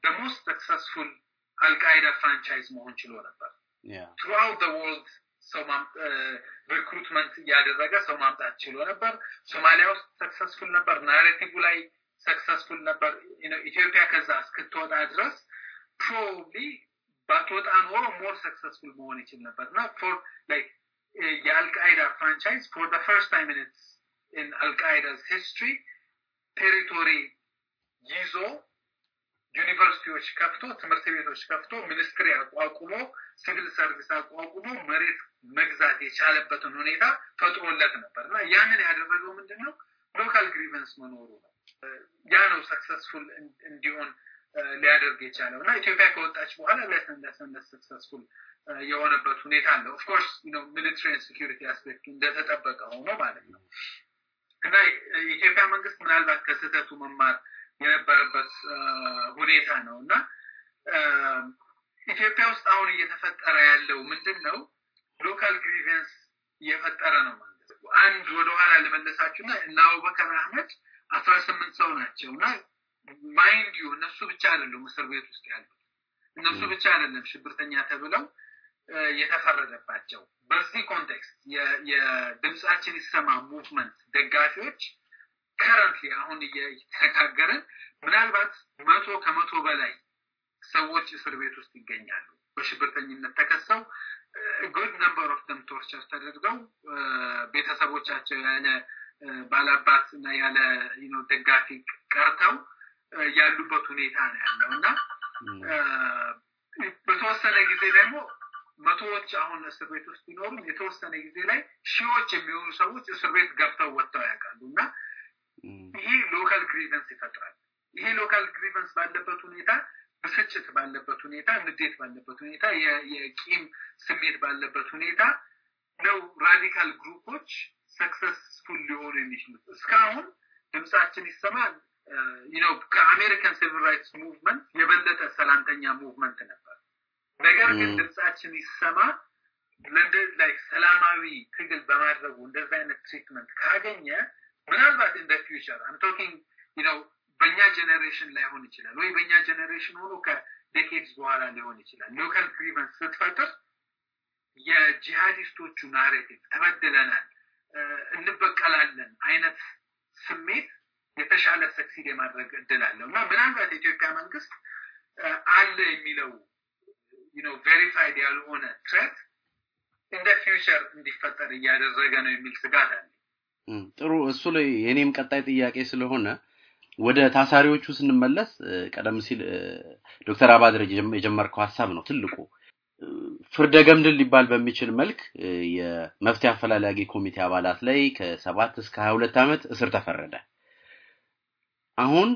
በሞስት ሰክሰስፉል አልቃይዳ ፍራንቻይዝ መሆን ችሎ ነበር። ትሩአውት ዘ ወርልድ ሰው ሪክሩትመንት እያደረገ ሰው ማምጣት ችሎ ነበር። ሶማሊያ ውስጥ ሰክሰስፉል ነበር። ናሬቲቭ ላይ ሰክሰስፉል ነበር። ኢትዮጵያ ከዛ እስክትወጣ ድረስ ፕሮባብሊ ባትወጣ ኖሮ ሞር ሰክሰስፉል መሆን ይችል ነበር እና eh, የአልቃይዳ ፍራንቻይዝ ፎር ደ ፈርስት ታይም ኢን አልቃይዳስ ሂስትሪ ቴሪቶሪ ይዞ ዩኒቨርሲቲዎች ከፍቶ ትምህርት ቤቶች ከፍቶ ሚኒስትሪ አቋቁሞ ሲቪል ሰርቪስ አቋቁሞ መሬት መግዛት የቻለበትን ሁኔታ ፈጥሮለት ነበር እና ያንን ያደረገው ምንድን ነው? ሎካል ግሪቨንስ መኖሩ ነው። ያ ነው ሰክሰስፉል እንዲሆን ሊያደርግ የቻለው እና ኢትዮጵያ ከወጣች በኋላ ለሰንደሰንደስ ሰክሰስፉል የሆነበት ሁኔታ አለ። ኦፍኮርስ ሚሊትሪ ሴኪሪቲ አስፔክት እንደተጠበቀ ሆኖ ማለት ነው እና የኢትዮጵያ መንግስት ምናልባት ከስህተቱ መማር የነበረበት ሁኔታ ነው እና ኢትዮጵያ ውስጥ አሁን እየተፈጠረ ያለው ምንድን ነው ሎካል ግሪቨንስ እየፈጠረ ነው ማለት አንድ ወደኋላ ለመለሳችሁ ና እና አቡበከር አህመድ አስራ ስምንት ሰው ናቸው እና ማይንድ ዩ እነሱ ብቻ አይደለም እስር ቤት ውስጥ ያሉት እነሱ ብቻ አይደለም ሽብርተኛ ተብለው የተፈረደባቸው በዚህ ኮንቴክስት የድምፃችን ይሰማ ሙቭመንት ደጋፊዎች ከረንትሊ አሁን እየተነጋገርን ምናልባት መቶ ከመቶ በላይ ሰዎች እስር ቤት ውስጥ ይገኛሉ በሽብርተኝነት ተከሰው ጉድ ነምበር ኦፍ ደም ቶርቸር ተደርገው ቤተሰቦቻቸው ያለ ባላባት እና ያለ ደጋፊ ቀርተው ያሉበት ሁኔታ ነው ያለው እና በተወሰነ ጊዜ ደግሞ መቶዎች አሁን እስር ቤት ውስጥ ቢኖሩም የተወሰነ ጊዜ ላይ ሺዎች የሚሆኑ ሰዎች እስር ቤት ገብተው ወጥተው ያውቃሉ እና ይሄ ሎካል ግሪቨንስ ይፈጥራል። ይሄ ሎካል ግሪቨንስ ባለበት ሁኔታ ብስጭት ባለበት ሁኔታ፣ ንዴት ባለበት ሁኔታ፣ የቂም ስሜት ባለበት ሁኔታ ነው ራዲካል ግሩፖች ሰክሰስፉል ሊሆኑ የሚችሉት። እስካሁን ድምፃችን ይሰማል ነው ከአሜሪካን ሲቪል ራይትስ ሙቭመንት የበለጠ ሰላምተኛ ሙቭመንት ነበር። ነገር ግን ድምፃችን ይሰማ ላይ ሰላማዊ ትግል በማድረጉ እንደዚ አይነት ትሪትመንት ካገኘ ምናልባት ኢን ፊውቸር አም ቶኪንግ ነው በእኛ ጀኔሬሽን ላይሆን ይችላል ወይ በእኛ ጀኔሬሽን ሆኖ ከዴኬድስ በኋላ ሊሆን ይችላል። ሎካል ግሪቨንስ ስትፈጥር የጂሃዲስቶቹ ናሬቲቭ ተበድለናል፣ እንበቀላለን አይነት ስሜት የተሻለ ሰክሲድ የማድረግ እድል አለው እና ምናልባት የኢትዮጵያ መንግስት አለ የሚለው ነው ቬሪፋይድ ያልሆነ ትረት እንደ ፊውቸር እንዲፈጠር እያደረገ ነው የሚል ስጋት አለ። ጥሩ፣ እሱ ላይ የእኔም ቀጣይ ጥያቄ ስለሆነ ወደ ታሳሪዎቹ ስንመለስ ቀደም ሲል ዶክተር አባድር የጀመርከው ሀሳብ ነው ትልቁ ፍርደ ገምድል ሊባል በሚችል መልክ የመፍትሄ አፈላላጊ ኮሚቴ አባላት ላይ ከሰባት እስከ ሀያ ሁለት ዓመት እስር ተፈረደ። አሁን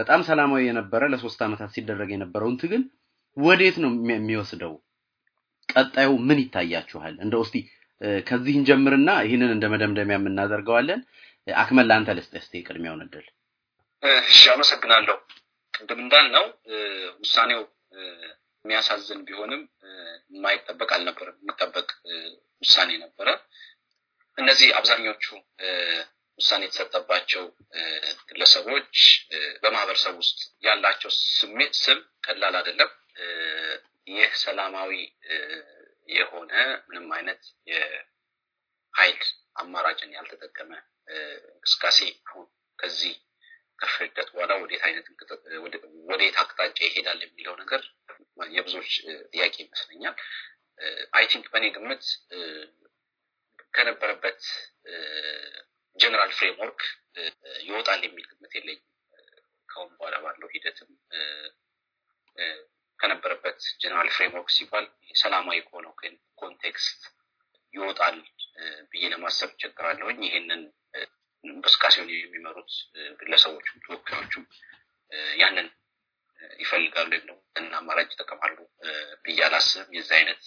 በጣም ሰላማዊ የነበረ ለሶስት ዓመታት ሲደረግ የነበረውን ትግል ወዴት ነው የሚወስደው? ቀጣዩ ምን ይታያችኋል? እንደ ውስቲ ከዚህን ጀምርና ይህንን እንደ መደምደሚያ የምናደርገዋለን። አክመል ለአንተ ልስጥ ቅድሚያውን እድል እሺ፣ አመሰግናለሁ። ቅድም እንዳልነው ውሳኔው የሚያሳዝን ቢሆንም የማይጠበቅ አልነበረም፣ የሚጠበቅ ውሳኔ ነበረ። እነዚህ አብዛኞቹ ውሳኔ የተሰጠባቸው ግለሰቦች በማህበረሰብ ውስጥ ያላቸው ስሜት ስም ቀላል አይደለም። ይህ ሰላማዊ የሆነ ምንም አይነት የሀይል አማራጭን ያልተጠቀመ እንቅስቃሴ አሁን ከዚህ ከፈቀጥ በኋላ ወዴት አይነት ወዴት አቅጣጫ ይሄዳል የሚለው ነገር የብዙዎች ጥያቄ ይመስለኛል። አይ ቲንክ በእኔ ግምት ከነበረበት ጀነራል ፍሬምወርክ ይወጣል የሚል ግምት የለኝ ከሁን በኋላ ባለው ሂደትም ከነበረበት ጀነራል ፍሬምወርክ ሲባል ሰላማዊ ከሆነው ኮንቴክስት ይወጣል ብዬ ለማሰብ ይቸግራለሁኝ ይሄንን እንቅስቃሴውን የሚመሩት ግለሰቦቹ ተወካዮቹም ያንን ይፈልጋሉ ወይም ደግሞ እና አማራጭ ይጠቀማሉ ብዬ አላስብም። የዚህ አይነት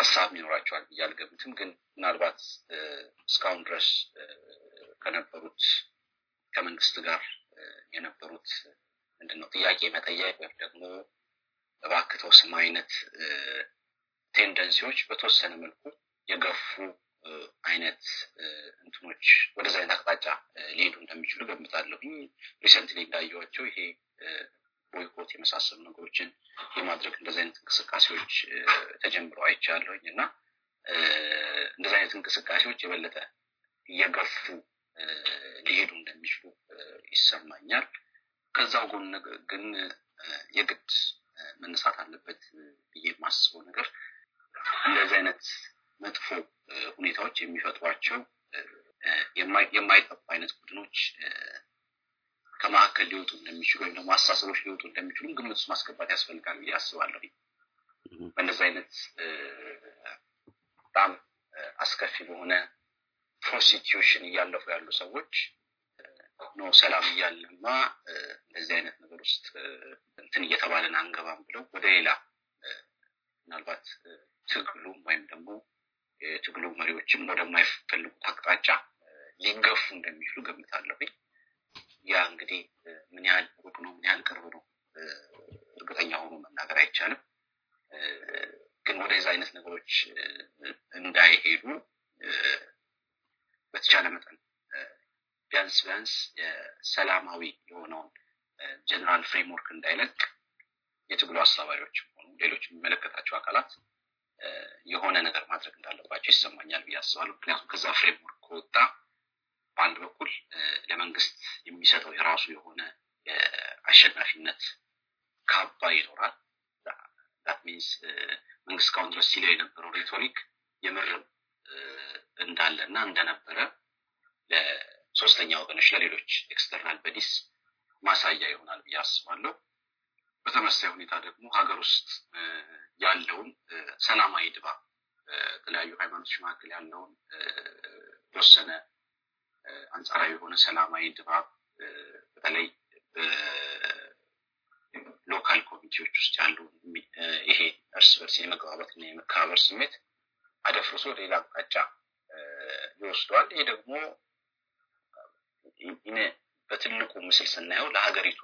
ሀሳብ ይኖራቸዋል ብዬ አልገምትም። ግን ምናልባት እስካሁን ድረስ ከነበሩት ከመንግስት ጋር የነበሩት ምንድነው ጥያቄ መጠየቅ ወይም ደግሞ እባክህ ስማ አይነት ቴንደንሲዎች በተወሰነ መልኩ የገፉ አይነት እንትኖች ወደዚ አይነት አቅጣጫ ሊሄዱ እንደሚችሉ ገምታለሁኝ። ሪሰንትሊ እንዳየዋቸው ይሄ ቦይኮት የመሳሰሉ ነገሮችን የማድረግ እንደዚ አይነት እንቅስቃሴዎች ተጀምረው አይቻለሁኝ እና እንደዚ አይነት እንቅስቃሴዎች የበለጠ እየገፉ ሊሄዱ እንደሚችሉ ይሰማኛል። ከዛው ጎን ግን የግድ መነሳት አለበት ብዬ የማስበው ነገር እንደዚህ አይነት መጥፎ ሁኔታዎች የሚፈጥሯቸው የማይጠፉ አይነት ቡድኖች ከመካከል ሊወጡ እንደሚችሉ ወይም ደግሞ አስተሳሰቦች ሊወጡ እንደሚችሉ ግምት ውስጥ ማስገባት ያስፈልጋል ብዬ አስባለሁ። በእነዚህ አይነት በጣም አስከፊ በሆነ ፕሮስቲቱሽን እያለፉ ያሉ ሰዎች ኖ ሰላም እያለማ እንደዚህ አይነት ነገር ውስጥ እንትን እየተባለን አንገባም ብለው ወደ ሌላ ምናልባት ትግሉም ወይም ደግሞ የትግሉ መሪዎችም ወደማይፈልጉት አቅጣጫ ሊገፉ እንደሚችሉ ገምታለሁ ያ እንግዲህ ምን ያህል ሩቅ ነው፣ ምን ያህል ቅርብ ነው እርግጠኛ ሆኖ መናገር አይቻልም። ግን ወደዚ አይነት ነገሮች እንዳይሄዱ በተቻለ መጠን ቢያንስ ቢያንስ ሰላማዊ የሆነውን ጀነራል ፍሬምወርክ እንዳይለቅ የትግሉ አስተባባሪዎችም ሆኑ ሌሎች የሚመለከታቸው አካላት የሆነ ነገር ማድረግ እንዳለባቸው ይሰማኛል ብዬ አስባለሁ። ምክንያቱም ከዛ ፍሬምወርክ ከወጣ በአንድ በኩል ለመንግስት የሚሰጠው የራሱ የሆነ የአሸናፊነት ካባ ይኖራል። ዳት ሚንስ መንግስት ካሁን ድረስ ሲለው የነበረው ሪቶሪክ የምር እንዳለ እና እንደነበረ ለሶስተኛ ወገኖች ለሌሎች ኤክስተርናል በዲስ ማሳያ ይሆናል ብዬ አስባለሁ። በተመሳሳይ ሁኔታ ደግሞ ሀገር ውስጥ ያለውን ሰላማዊ ድባብ የተለያዩ ሃይማኖቶች መካከል ያለውን የተወሰነ አንጻራዊ የሆነ ሰላማዊ ድባብ በተለይ በሎካል ኮሚኒቲዎች ውስጥ ያለው ይሄ እርስ በርስ እና የመከባበር ስሜት አደፍርሶ ሌላ አቅጣጫ ይወስደዋል። ይሄ ደግሞ በትልቁ ምስል ስናየው ለሀገሪቱ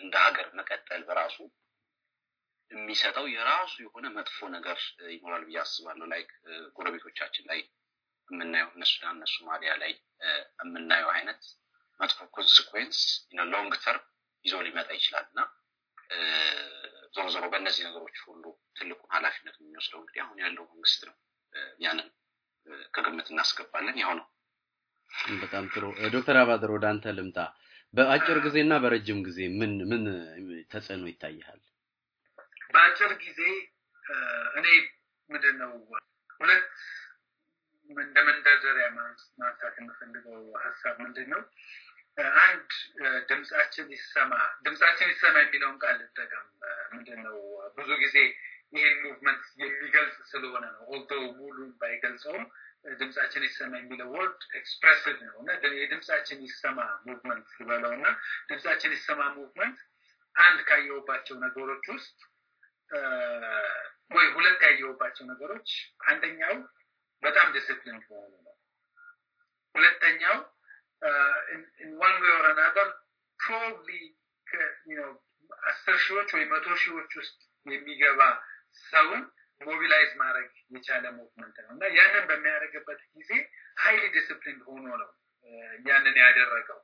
እንደ ሀገር መቀጠል በራሱ የሚሰጠው የራሱ የሆነ መጥፎ ነገር ይኖራል ብዬ አስባለሁ። ላይ uh, ጎረቤቶቻችን ላይ የምናየው እነ ሱዳን እነ ሶማሊያ ላይ uh, የምናየው አይነት መጥፎ ኮንስኩዌንስ ሎንግ ተርም ይዞ ሊመጣ ይችላል እና uh, ዞሮ ዞሮ በእነዚህ ነገሮች ሁሉ ትልቁን ኃላፊነት የሚወስደው እንግዲህ አሁን ያለው መንግስት ነው። ያንን ከግምት እናስገባለን። ያው ነው። በጣም ጥሩ ዶክተር አባተር ወደ አንተ ልምጣ። በአጭር ጊዜና በረጅም ጊዜ ምን ምን ተጽዕኖ ይታይሃል? በአጭር ጊዜ እኔ ምንድን ነው ሁለት እንደ መንደርደሪያ ማንሳት የምፈልገው ሀሳብ ምንድን ነው፣ አንድ ድምጻችን ይሰማ ድምጻችን ይሰማ የሚለውን ቃል ልጠቀም። ምንድን ነው ብዙ ጊዜ ይህን ሙቭመንት የሚገልጽ ስለሆነ ነው ኦልቶ ሙሉ ባይገልጸውም ድምጻችን ይሰማ የሚለው ወርድ ኤክስፕሬሲቭ ነው እና የድምጻችን ይሰማ ሙቭመንት ይበለው እና ድምጻችን ይሰማ ሙቭመንት አንድ ካየውባቸው ነገሮች ውስጥ ወይ ሁለት ካየውባቸው ነገሮች አንደኛው በጣም ዲስፕሊን መሆኑ ነው። ሁለተኛው ዋን ወይ ኦር አናዘር ፕሮባብሊ አስር ሺዎች ወይ መቶ ሺዎች ውስጥ የሚገባ ሰውን ሞቢላይዝ ማድረግ የቻለ ሙቭመንት ነው እና ያንን በሚያደርግበት ጊዜ ሀይሊ ዲስፕሊን ሆኖ ነው ያንን ያደረገው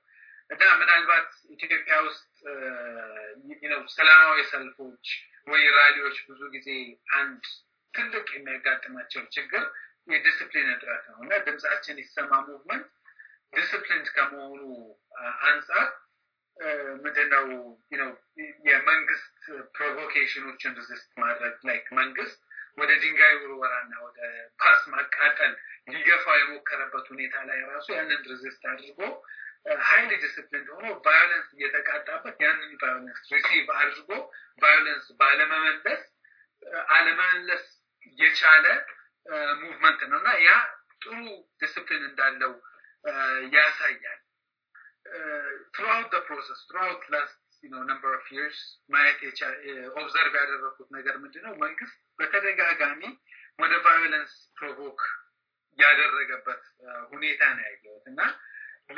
እና ምናልባት ኢትዮጵያ ውስጥ ሰላማዊ ሰልፎች ወይ ራሊዎች ብዙ ጊዜ አንድ ትልቅ የሚያጋጥማቸው ችግር የዲስፕሊን እጥረት ነው እና ድምፃችን ይሰማ ሙቭመንት ዲስፕሊን ከመሆኑ አንጻር ምንድነው የመንግስት ፕሮቮኬሽኖችን ሪዚስት ማድረግ ላይክ መንግስት ወደ ድንጋይ ውርወራና ወደ ባስ ማቃጠል ሊገፋው የሞከረበት ሁኔታ ላይ ራሱ ያንን ሪዚስት አድርጎ ሀይል ዲስፕሊን ሆኖ ቫዮለንስ እየተቃጣበት ያንን ቫዮለንስ ሪሲቭ አድርጎ ቫዮለንስ ባለመመለስ አለመመለስ የቻለ ሙቭመንት ነው እና ያ ጥሩ ዲስፕሊን እንዳለው ያሳያል። ትሮት ፕሮሰስ ትሮት ላስት ነምበር ኦፍ ይርስ ማየት ኦብዘርቭ eh, ያደረኩት ነገር ምንድን ነው? መንግስት በተደጋጋሚ ወደ ቫዮለንስ ፕሮቮክ ያደረገበት eh, ሁኔታ ነው ያየሁት እና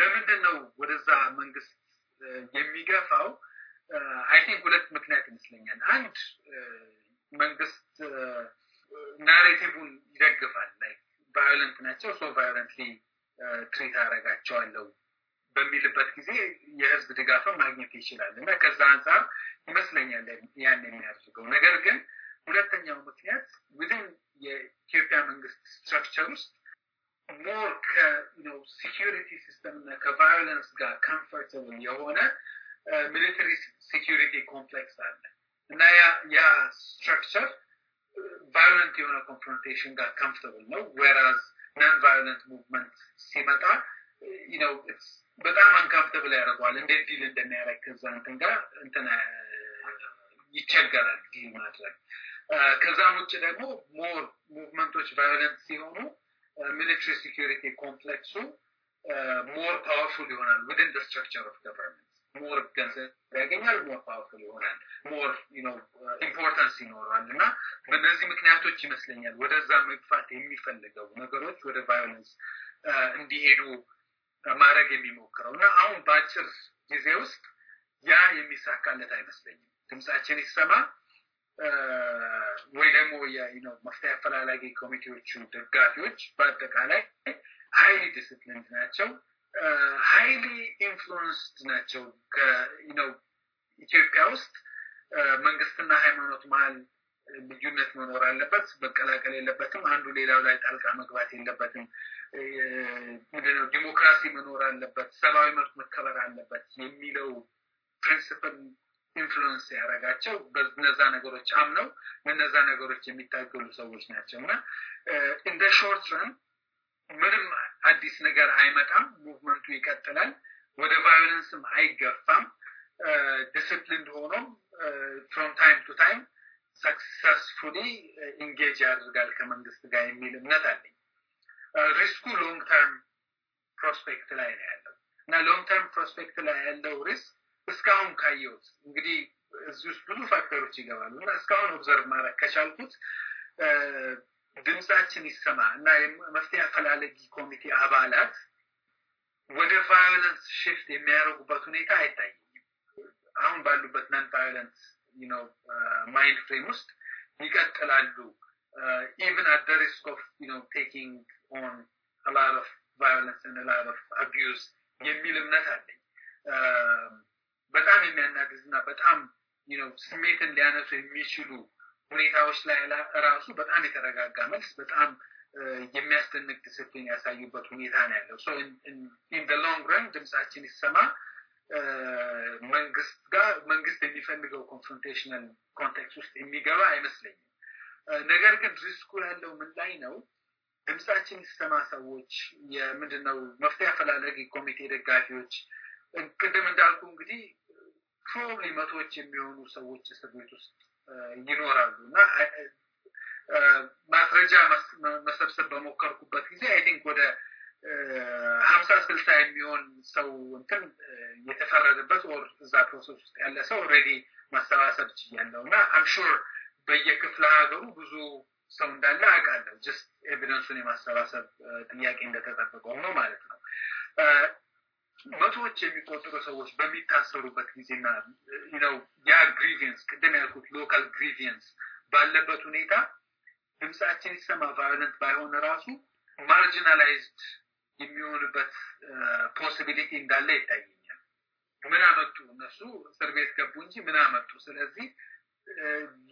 ለምንድን ነው ወደዛ መንግስት eh, የሚገፋው? አይ ቲንክ ሁለት ምክንያት ይመስለኛል። አንድ መንግስት ናሬቲቭን ይደግፋል። ቫዮለንት ናቸው ሶ ቫዮለንትሊ ትሪት አደርጋቸዋለሁ በሚልበት ጊዜ የህዝብ ድጋፍን ማግኘት ይችላል እና ከዛ አንጻር ይመስለኛል ያን የሚያደርገው ነገር ግን ሁለተኛው ምክንያት ውድን የኢትዮጵያ መንግስት ስትራክቸር ውስጥ ሞር ከሲኪሪቲ ሲስተም እና ከቫዮለንስ ጋር ኮምፈርታብል የሆነ ሚሊተሪ ሴኪሪቲ ኮምፕሌክስ አለ እና ያ ስትራክቸር ቫዮለንት የሆነ ኮንፍሮንቴሽን ጋር ኮምፈርታብል ነው ዌራዝ ነን ቫዮለንት ሙቭመንት ሲመጣ you know, it's በጣም ብለ ያደርገዋል። እንዴት ዲል እንደሚያደርግ ከዛ እንትን ጋር እንትን ይቸገራል ዲል ማድረግ። ከዛም ውጭ ደግሞ ሞር ሙቭመንቶች ቫዮለንት ሲሆኑ ሚሊትሪ ሴኪሪቲ ኮምፕሌክሱ ሞር ፓወርፉል ይሆናል። ዊድን ስትራክቸር ኦፍ ገቨርንመንት ሞር ገንዘብ ያገኛል፣ ሞር ፓወርፉል ይሆናል፣ ሞር ኢምፖርታንስ ይኖረዋል። እና በእነዚህ ምክንያቶች ይመስለኛል ወደዛ መግፋት የሚፈልገው ነገሮች ወደ ቫዮለንስ እንዲሄዱ ማድረግ የሚሞክረው እና አሁን በአጭር ጊዜ ውስጥ ያ የሚሳካለት አይመስለኝም። ድምፃችን ይሰማ ወይ ደግሞ መፍትሄ አፈላላጊ ኮሚቴዎቹ ደጋፊዎች በአጠቃላይ ሀይሊ ዲስፕሊንድ ናቸው፣ ሀይሊ ኢንፍሉንስድ ናቸው። ኢትዮጵያ ውስጥ መንግስትና ሃይማኖት መሀል ልዩነት መኖር አለበት፣ መቀላቀል የለበትም። አንዱ ሌላው ላይ ጣልቃ መግባት የለበትም። ምንድነው ዲሞክራሲ መኖር አለበት፣ ሰብአዊ መብት መከበር አለበት የሚለው ፕሪንስፕል ኢንፍሉንስ ያደረጋቸው በነዛ ነገሮች አምነው ለነዛ ነገሮች የሚታገሉ ሰዎች ናቸው እና እንደ ሾርት ረን ምንም አዲስ ነገር አይመጣም። ሙቭመንቱ ይቀጥላል። ወደ ቫዮለንስም አይገፋም። ዲስፕሊንድ ሆኖም ፍሮም ታይም ቱ ታይም ሰክሰስፉሊ ኢንጌጅ ያደርጋል ከመንግስት ጋር የሚል እምነት አለኝ። ሪስኩ ሎንግ ተርም ፕሮስፔክት ላይ ነው ያለው እና ሎንግ ተርም ፕሮስፔክት ላይ ያለው ሪስክ እስካሁን ካየሁት እንግዲህ እዚህ ውስጥ ብዙ ፋክተሮች ይገባሉ እና እስካሁን ኦብዘርቭ ማድረግ ከቻልኩት ድምፃችን ይሰማ እና መፍትሄ አፈላለጊ ኮሚቴ አባላት ወደ ቫዮለንስ ሽፍት የሚያደርጉበት ሁኔታ አይታየኝም። አሁን ባሉበት ነን ቫዮለንስ ነው ማይንድ ፍሬም ውስጥ ይቀጥላሉ ኢቨን አት ደ ሪስክ ኦፍ ነው ቴኪንግ ኦን ላር ኦፍ ቫዮለንስ ላር ኦፍ አቢዩዝ የሚል እምነት አለኝ um, በጣም የሚያናግዝ እና በጣም ነው ስሜትን ሊያነሱ የሚችሉ ሁኔታዎች ላይ ራሱ በጣም የተረጋጋ መልስ በጣም uh, የሚያስደንቅ ዲስፕሊን ያሳዩበት ሁኔታ ነው ያለው ኢን ሎንግ ረን ድምፃችን ይሰማ መንግስት ጋር መንግስት የሚፈልገው ኮንፍሮንቴሽናል ኮንቴክስት ውስጥ የሚገባ አይመስለኝም። ነገር ግን ሪስኩ ያለው ምን ላይ ነው? ድምፃችን ሲሰማ ሰዎች የምንድነው መፍትሄ አፈላለጊ ኮሚቴ ደጋፊዎች ቅድም እንዳልኩ እንግዲህ ፕሮብሊ መቶዎች የሚሆኑ ሰዎች እስር ቤት ውስጥ ይኖራሉ እና ማስረጃ መሰብሰብ በሞከርኩበት ጊዜ አይ ቲንክ ወደ ሀምሳ ስልሳ የሚሆን ሰው እንትን የተፈረደበት ወር እዛ ፕሮሰስ ውስጥ ያለ ሰው ኦልሬዲ ማሰባሰብ ችያለው እና አምሹር በየክፍለ ሀገሩ ብዙ ሰው እንዳለ አውቃለሁ። ጀስት ኤቪደንሱን የማሰባሰብ ጥያቄ እንደተጠበቀ ሆኖ ማለት ነው። መቶዎች የሚቆጠሩ ሰዎች በሚታሰሩበት ጊዜና ነው ያ ግሪቪየንስ ቅድም ያልኩት ሎካል ግሪቪየንስ ባለበት ሁኔታ ድምፃችን ይሰማ ቫዮለንት ባይሆን ራሱ ማርጂናላይዝድ የሚሆንበት ፖስቢሊቲ እንዳለ ይታየኛል። ምን አመጡ እነሱ እስር ቤት ገቡ እንጂ ምን አመጡ? ስለዚህ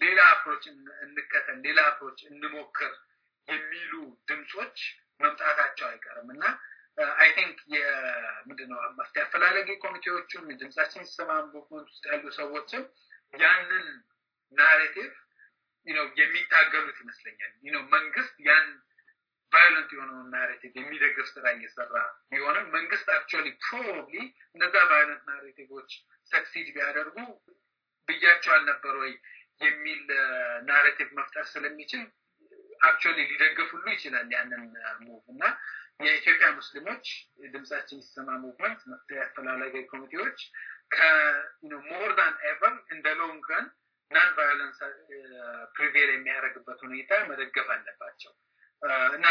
ሌላ አፕሮች እንከተል፣ ሌላ አፕሮች እንሞክር የሚሉ ድምፆች መምጣታቸው አይቀርም እና አይ ቲንክ የምንድነው መፍትሄ አፈላለጊ ኮሚቴዎቹም ድምጻችን ሲሰማ ሙቭመንት ውስጥ ያሉ ሰዎችም ያንን ናሬቲቭ የሚታገሉት ይመስለኛል። መንግስት ያን ቫዮለንት የሆነውን ናሬቲቭ የሚደግፍ ስራ እየሰራ ቢሆንም መንግስት አክቹዋሊ ፕሮባብሊ እነዛ ቫዮለንት ናሬቲቮች ሰክሲድ ቢያደርጉ ብያቸው አልነበር ወይ የሚል ናሬቲቭ uh, መፍጠር ስለሚችል አክቹዋሊ ሊደግፍ ሁሉ ይችላል ያንን ሙቭ uh, እና የኢትዮጵያ ሙስሊሞች ድምጻችን ሲሰማ ሙቭመንት መፍትሄ አፈላላጊ ኮሚቴዎች ከሞር ዳን ኤቨር እንደ ሎንግ ረን ናን ቫዮለንስ ፕሪቬል የሚያደርግበት ሁኔታ መደገፍ አለባቸው። Uh, እና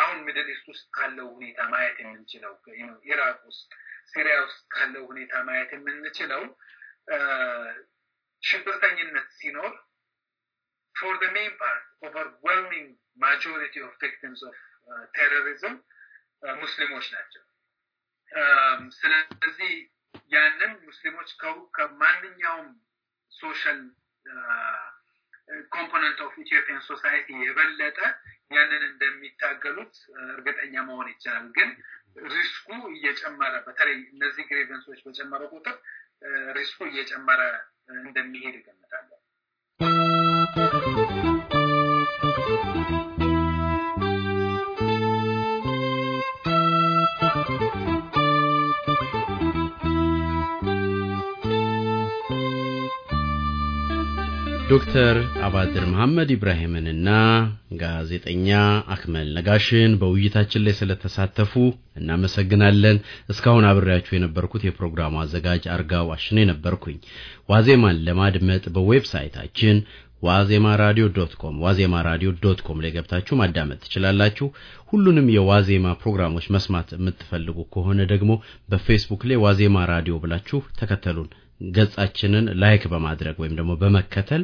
አሁን ሚድል ኢስት ውስጥ ካለው ሁኔታ ማየት የምንችለው ኢራቅ ውስጥ፣ ሲሪያ ውስጥ ካለው ሁኔታ ማየት የምንችለው ሽብርተኝነት ሲኖር ፎር ደ ሜን ፓርት ኦቨርዌልሚንግ ማጆሪቲ ኦፍ ቪክቲምስ ኦፍ ቴሮሪዝም ሙስሊሞች ናቸው። um, ስለዚህ ያንን ሙስሊሞች ከማንኛውም ሶሻል ኮምፖነንት ኦፍ ኢትዮጵያን ሶሳይቲ የበለጠ ያንን እንደሚታገሉት እርግጠኛ መሆን ይቻላል። ግን ሪስኩ እየጨመረ በተለይ እነዚህ ግሬቨንሶች በጨመረ ቁጥር ሪስኩ እየጨመረ እንደሚሄድ ይገምታለን። ዶክተር አባድር መሐመድ ኢብራሂምንና ጋዜጠኛ አክመል ነጋሽን በውይይታችን ላይ ስለተሳተፉ እናመሰግናለን። እስካሁን አብሬያችሁ የነበርኩት የፕሮግራሙ አዘጋጅ አርጋው አሽኔ ነበርኩኝ። ዋዜማን ለማድመጥ በዌብሳይታችን ዋዜማ ራዲዮ ዶት ኮም ዋዜማ ራዲዮ ዶት ኮም ላይ ገብታችሁ ማዳመጥ ትችላላችሁ። ሁሉንም የዋዜማ ፕሮግራሞች መስማት የምትፈልጉ ከሆነ ደግሞ በፌስቡክ ላይ ዋዜማ ራዲዮ ብላችሁ ተከተሉን። ገጻችንን ላይክ በማድረግ ወይም ደግሞ በመከተል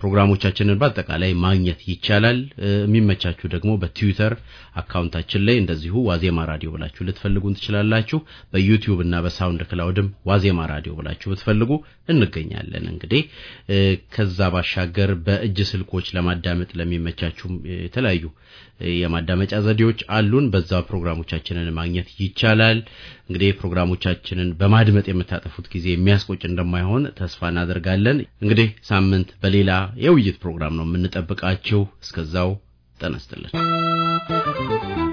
ፕሮግራሞቻችንን በአጠቃላይ ማግኘት ይቻላል። የሚመቻችሁ ደግሞ በትዊተር አካውንታችን ላይ እንደዚሁ ዋዜማ ራዲዮ ብላችሁ ልትፈልጉን ትችላላችሁ። በዩቲዩብ እና በሳውንድ ክላውድም ዋዜማ ራዲዮ ብላችሁ ብትፈልጉ እንገኛለን። እንግዲህ ከዛ ባሻገር በእጅ ስልኮች ለማዳመጥ ለሚመቻችሁም የተለያዩ የማዳመጫ ዘዴዎች አሉን። በዛ ፕሮግራሞቻችንን ማግኘት ይቻላል። እንግዲህ ፕሮግራሞቻችንን በማድመጥ የምታጠፉት ጊዜ የሚያስቆጭ እንደማይሆን ተስፋ እናደርጋለን። እንግዲህ ሳምንት በሌላ የውይይት ፕሮግራም ነው የምንጠብቃችሁ። እስከዛው ጤና ይስጥልን።